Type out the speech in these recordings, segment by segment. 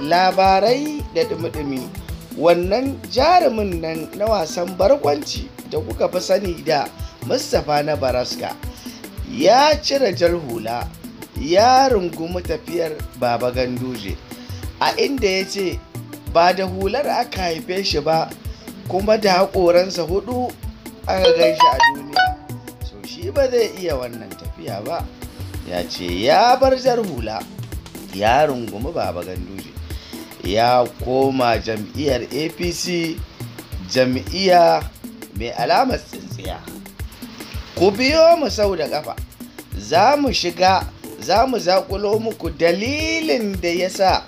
labarai da dumi-dumi wannan jarumin nan na wasan barkwanci da kuka fi sani da mustapha na baraska ya cire jar hula ya rungumi tafiyar baba ganduje a inda ya ce ba da hular aka haife shi ba kuma da haƙoransa hudu aka gan shi a duniya so shi ba zai iya wannan tafiya ba ya ce ya bar jar hula ya rungumi baba ganduje ya koma jam'iyyar apc jam'iyya mai alamar tsintsiya ku biyo mu sau da ƙafa za mu shiga za mu zaƙulo muku dalilin da ya sa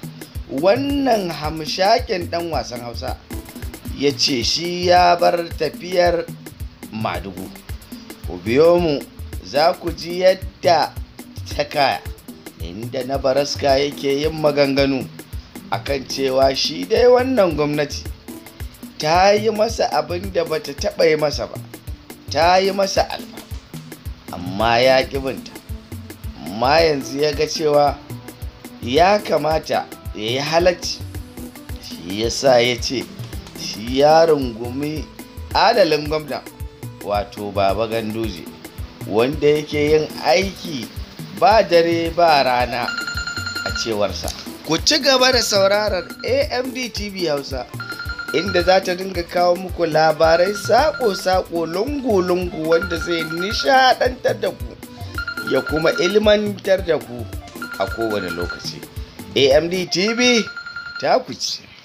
wannan hamshakin ɗan wasan hausa ya ce shi ya bar tafiyar madugu ku biyo mu za ku ji yadda ta kaya inda na baraska yake yin maganganu akan cewa shi dai wannan gwamnati ta yi masa abin da bata taɓa yi masa ba ta yi masa alfa amma ya ƙi amma yanzu ya ga cewa ya kamata ya yi halacci shi ya sa ya ce shi ya rungumi adalin gwamna wato baba ganduje wanda yake yin aiki ba dare ba rana a cewarsa. Ku ci gaba da sauraron AMD TV Hausa inda za ta dinga kawo muku labarai sako-sako lungu-lungu wanda zai nishadantar da ku ya kuma ilmantar da ku a kowane lokaci. AMD TV ta kuce.